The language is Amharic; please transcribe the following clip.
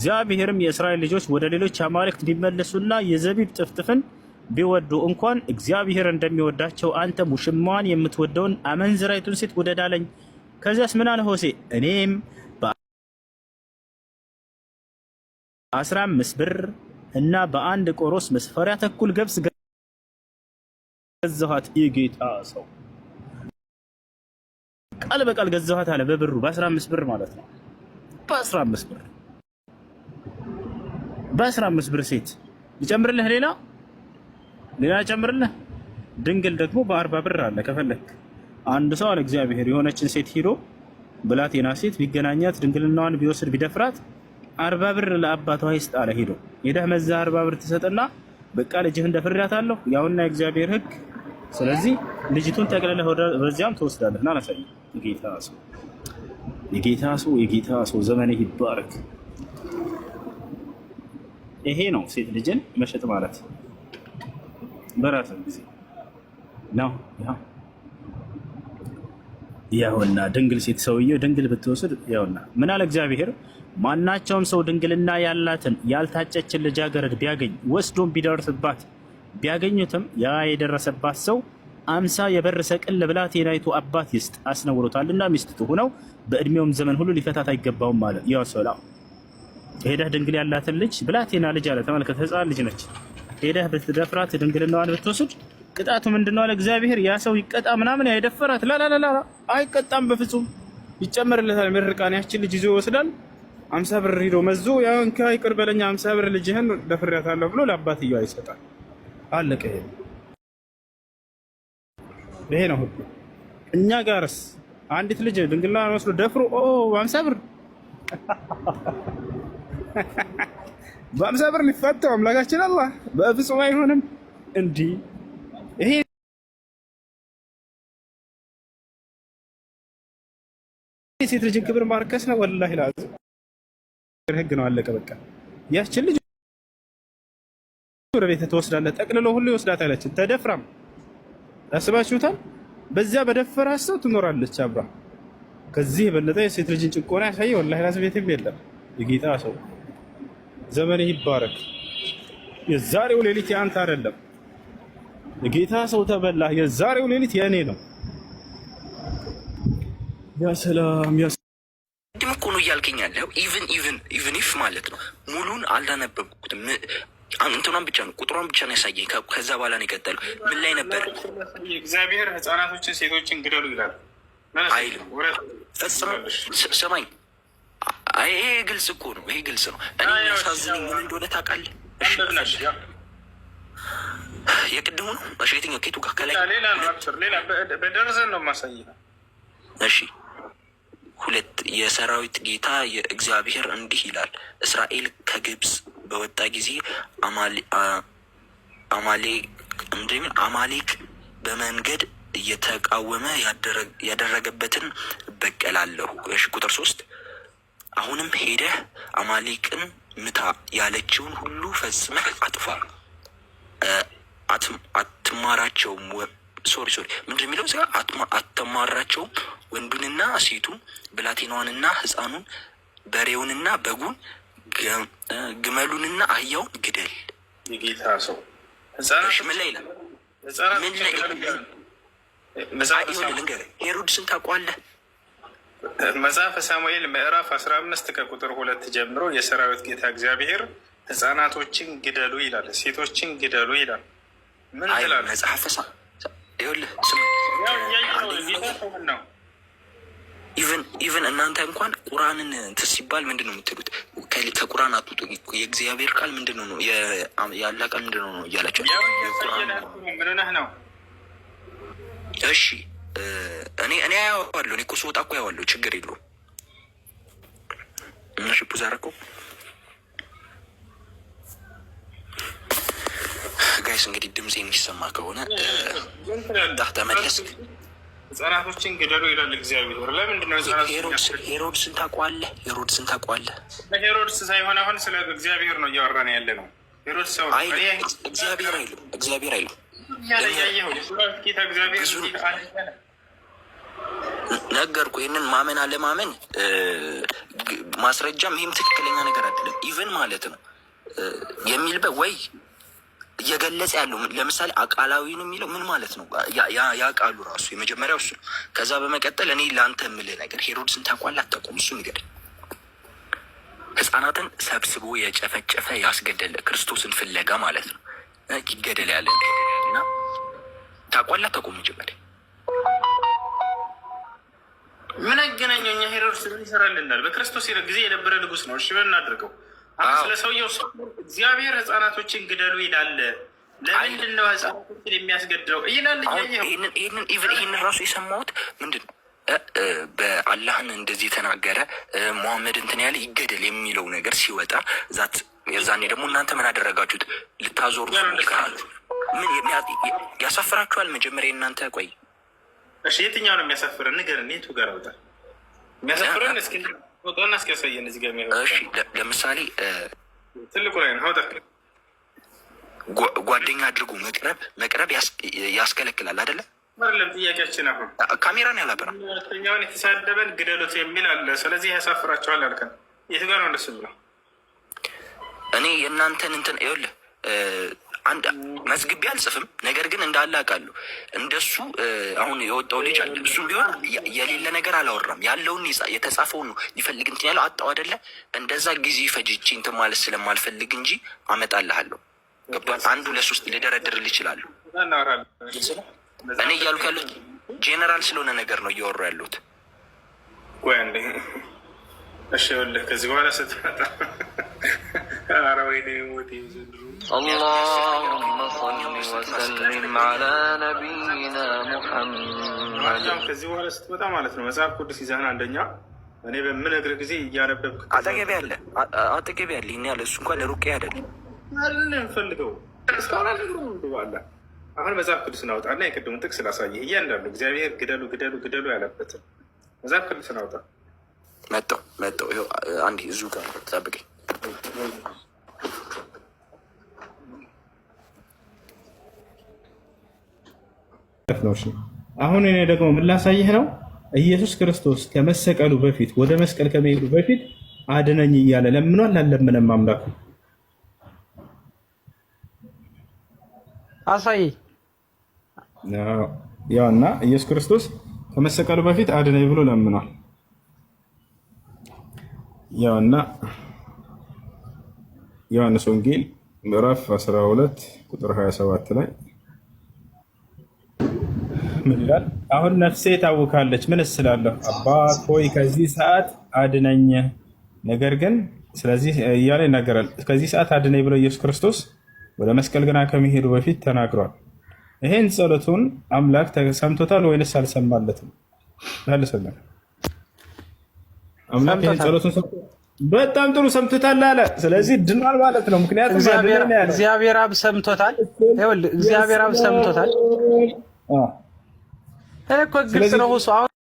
እግዚአብሔርም የእስራኤል ልጆች ወደ ሌሎች አማልክት ቢመለሱና የዘቢብ ጥፍጥፍን ቢወዱ እንኳን እግዚአብሔር እንደሚወዳቸው አንተ ሙሽማዋን የምትወደውን አመንዝራይቱን ሴት ውደድ አለኝ። ከዚያስ ምን አለ ሆሴ? እኔም በአስራ አምስት ብር እና በአንድ ቆሮስ መስፈሪያ ተኩል ገብስ ገዛኋት። የጌታ ሰው ቃል በቃል ገዛኋት አለ። በብሩ በአስራ አምስት ብር ማለት ነው። በአስራ አምስት ብር በ15 ብር ሴት ይጨምርልህ። ሌላ ሌላ ይጨምርልህ። ድንግል ደግሞ በአርባ ብር አለ። ከፈለክ አንድ ሰው አለ እግዚአብሔር የሆነችን ሴት ሂዶ ብላቴና ሴት ቢገናኛት ድንግልናዋን ቢወስድ ቢደፍራት አርባ ብር ለአባቷ ይስጥ አለ። ሂዶ ሄደህ መዛ አርባ ብር ትሰጥና በቃ ልጅህ እንደፍሬያታለሁ ያውና የእግዚአብሔር ሕግ። ስለዚህ ልጅቱን ጠቅልለህ በዚያም ትወስዳለህ። ና ላሳየህ። የጌታ ሰው የጌታ ሰው የጌታ ሰው ዘመንህ ይባረክ። ይሄ ነው ሴት ልጅን መሸጥ ማለት በራሱ ጊዜ ነው። ያውና ድንግል ሴት ሰውየው ድንግል ብትወስድ ያውና ምን አለ እግዚአብሔር፣ ማናቸውም ሰው ድንግልና ያላትን ያልታጨችን ልጃገረድ ቢያገኝ ወስዶም ቢደርስባት ቢያገኙትም ያ የደረሰባት ሰው አምሳ የብር ሰቅል ለብላቴናይቱ አባት ይስጥ፣ አስነውሮታልና ሚስት ትሁነው በእድሜውም ዘመን ሁሉ ሊፈታት አይገባውም ማለት ያው ሰላም ሄደህ ድንግል ያላትን ልጅ ብላቴና ልጅ አለ። ተመልከተ፣ ህፃን ልጅ ነች። ሄደህ ብትደፍራት ድንግልናዋን ብትወስድ ቅጣቱ ምንድነው? አለ እግዚአብሔር። ያ ሰው ይቀጣ ምናምን ያይደፈራት ላላላላ አይቀጣም፣ በፍጹም ይጨመርለታል። ምርቃን ያችን ልጅ ይዞ ይወስዳል። አምሳ ብር ሂዶ መዞ ያንከ ይቅር በለኛ አምሳ ብር ልጅህን ደፍሬያታለሁ ብሎ ለአባትየዋ ይሰጣል። አለቀ። ይሄ ይሄ ነው ህጉ። እኛ ጋርስ አንዲት ልጅ ድንግልናዋን ወስዶ ደፍሮ ኦ አምሳ ብር በአምሳ ብር ሊፈታው አምላካችን አላህ በፍጹም አይሆንም። እንዲህ ይሄ የሴት ልጅን ክብር ማርከስ ነው። ወላሂ ላዝ ህግ ነው አለቀ በቃ። ያችን ልጅ ወደ ቤት ትወስዳለህ፣ ጠቅልሎ ሁሉ ይወስዳት አለችን። ተደፍራም አስባችሁታል። በዚያ በደፈራ ሰው ትኖራለች አብራ። ከዚህ የበለጠ የሴት ልጅን ጭቆና ያሳየ ወላሂ ላዝ ቤትም የለም የጌታ ሰው ዘመንህ ይባረክ። የዛሬው ሌሊት የአንተ አይደለም። ጌታ ሰው ተበላህ። የዛሬው ሌሊት የእኔ ነው። ያ ሰላም ያ ድም እኮ ነው እያልከኝ ያለው ኢቭን ኢቭን ኢቭን ኢፍ ማለት ነው። ሙሉን አላነበብኩትም። እንትኗን ብቻ ነው ቁጥሯን ብቻ ነው ያሳየኝ። ከዛ በኋላ ነው የቀጠለው። ምን ላይ ነበር? እግዚአብሔር ህፃናቶችን፣ ሴቶችን ግደሉ ይላል አይልም። ሰማኝ ይሄ ግልጽ እኮ ነው። ይሄ ግልጽ ነው። እኔ ያሳዝነኝ ምን እንደሆነ ታውቃለህ? የቅድሙ ነው። እሺ፣ የትኛው ኬቱ ጋር ከላይ በደርዘን ነው ማሳይ። እሺ፣ ሁለት የሰራዊት ጌታ የእግዚአብሔር እንዲህ ይላል፣ እስራኤል ከግብፅ በወጣ ጊዜ አማሌክ በመንገድ እየተቃወመ ያደረገበትን እበቀላለሁ። እሺ፣ ቁጥር ሶስት አሁንም ሄደህ አማሌቅን ምታ ያለችውን ሁሉ ፈጽመህ አጥፋ፣ አትማራቸውም። ሶሪ ሶሪ፣ ምንድ የሚለው እዚያ አትማራቸውም። ወንዱንና ሴቱን ብላቴናዋንና ህፃኑን በሬውንና በጉን ግመሉንና አህያውን ግደል። የጌታ ሰው ምን ላይ ምን ላይ ሄሮድስን ታውቀዋለህ? መጽሐፈ ሳሙኤል ምዕራፍ አስራ አምስት ከቁጥር ሁለት ጀምሮ የሰራዊት ጌታ እግዚአብሔር ህጻናቶችን ግደሉ ይላል፣ ሴቶችን ግደሉ ይላል። ምን ትላለህ? መጽሐፈ ነው ኢቨን እናንተ እንኳን ቁርአንን እንትን ሲባል ምንድን ነው የምትሉት? ከቁርአን አትውጡ። የእግዚአብሔር ቃል ምንድን ነው ነው ያለ ቃል ምንድን ነው ነው እያላቸው ምን ነው እሺ እኔ እኔ አያዋለሁ። እኔ እኮ ስወጣ እኮ አያዋለሁ። ችግር የለውም። እና ሽፑ ዛረቀው ጋይስ እንግዲህ ድምፅ የሚሰማ ከሆነ ዳህ ተመለስ። ህጻናቶችን ግደሉ ይላል እግዚአብሔር። ለምንድነው ሄሮድስን ታውቀዋለህ? ሄሮድስን ታውቀዋለህ? ሄሮድስ ሳይሆን አሁን ስለ እግዚአብሔር ነው እያወራን ያለ ነው። ሄሮድስ ሰው እግዚአብሔር አይልም። እግዚአብሔር አይልም ነገርኩ። ይህንን ማመን አለማመን ማስረጃም ይህም ትክክለኛ ነገር አይደለም። ኢቨን ማለት ነው የሚልበት ወይ እየገለጸ ያለው ለምሳሌ አቃላዊ ነው የሚለው ምን ማለት ነው? ያ ቃሉ ራሱ የመጀመሪያው እሱ ነው። ከዛ በመቀጠል እኔ ለአንተ የምልህ ነገር ሄሮድስን ታውቋለህ አታውቁም? እሱ ንገረኝ። ሕፃናትን ሰብስቦ የጨፈጨፈ ያስገደለ ክርስቶስን ፍለጋ ማለት ነው ይገደል ያለ ታቋላ ተቆሙ ጀመር። ምን አገናኘው? እኛ ሄሮድስ ምን ይሰራልናል? በክርስቶስ ሄሮድ ጊዜ የነበረ ንጉስ ነው። እሺ በናድርገው ስለ ሰውየው ሰው እግዚአብሔር ህፃናቶችን ግደሉ ይላል። ለምንድን ነው ህጻናቶችን የሚያስገድለው ይላል። ይህንን ራሱ የሰማሁት ምንድን ነው በአላህን እንደዚህ የተናገረ መሐመድ እንትን ያለ ይገደል የሚለው ነገር ሲወጣ ዛት የዛኔ ደግሞ እናንተ ምን አደረጋችሁት ልታዞሩ ምን ያሳፍራችኋል? መጀመሪያ እናንተ ቆይ፣ እሺ፣ የትኛው ነው የሚያሳፍረን? ንገረን። የቱ ጋር አውጣል የሚያሳፍረን? እስኪ ፎቶና እስኪያሳየን እዚህ ጋር የሚያ ለምሳሌ ትልቁ ላይ ነው አውጣ ጓደኛ አድርጉ። መቅረብ መቅረብ ያስከለክላል አይደለ? አይደለም ጥያቄያችን አሁን ካሜራን ያላበራ ሁለተኛውን የተሳደበን ግደሉት የሚል አለ። ስለዚህ ያሳፍራቸዋል አልከን። የት ጋር ነው ደስ ብለው እኔ የእናንተን እንትን ይኸውልህ አንድ መዝግቤ አልጽፍም። ነገር ግን እንዳለ አውቃለሁ። እንደሱ አሁን የወጣው ልጅ አለ። እሱም ቢሆን የሌለ ነገር አላወራም። ያለውን የተጻፈውን ነው ሊፈልግ እንትን ያለው አጣው አደለ። እንደዛ ጊዜ ፈጅቼ እንትን ማለት ስለማልፈልግ እንጂ አመጣልሃለሁ። ገብቷል። አንዱ ለሶስት ልደረድርልህ ይችላሉ። እኔ እያልኩ ያሉት ጄኔራል ስለሆነ ነገር ነው እያወሩ ያሉት። እሺ ከዚህ በኋላ ስትመጣ አረ ወይኔ ሞቴ ዘንድሮ ከዚህ በኋላ ስትመጣ ማለት ነው መጽሐፍ ቅዱስ ይዛህን አንደኛ እኔ በምነግርህ ጊዜ እያነበብክ አጠገቤ ያለ አጠገቤ ያለ ይህን ያለ እሱ እንኳን ሩቅ አይደለም አይደለም ፈልገው እስካሁን አሁን መጽሐፍ ቅዱስ እናውጣና የቅድሙን ጥቅስ ላሳየህ። እያንዳንዱ እግዚአብሔር ግደሉ ግደሉ ግደሉ ያለበትን መጽሐፍ ቅዱስ እናውጣ። መጣሁ መጣሁ። ይኸው አንዴ እዚሁ ጋር ጠብቀኝ። ነው። አሁን እኔ ደግሞ ምን ላሳይህ ነው? ኢየሱስ ክርስቶስ ከመሰቀሉ በፊት ወደ መስቀል ከመሄዱ በፊት አድነኝ እያለ ለምኗል። አለምንም አምላኩ አሳይ ያውና ኢየሱስ ክርስቶስ ከመሰቀሉ በፊት አድነኝ ብሎ ለምኗል። ያውና ዮሐንስ ወንጌል ምዕራፍ 12 ቁጥር 27 ላይ ምን ይላል? አሁን ነፍሴ ታውካለች። ምን እስላለሁ? አባት ሆይ ከዚህ ሰዓት አድነኝ። ነገር ግን ስለዚህ እያለ ይናገራል። ከዚህ ሰዓት አድነኝ ብለው ኢየሱስ ክርስቶስ ወደ መስቀል ገና ከመሄዱ በፊት ተናግሯል። ይሄን ጸሎቱን አምላክ ሰምቶታል ወይንስ አልሰማለትም? አልሰማም። አምላክ ይሄን ጸሎቱን በጣም ጥሩ ሰምቶታል አለ። ስለዚህ ድኗል ማለት ነው። ምክንያቱም እግዚአብሔር አብ ሰምቶታል። እግዚአብሔር አብ ሰምቶታል É, com a Grifina Russo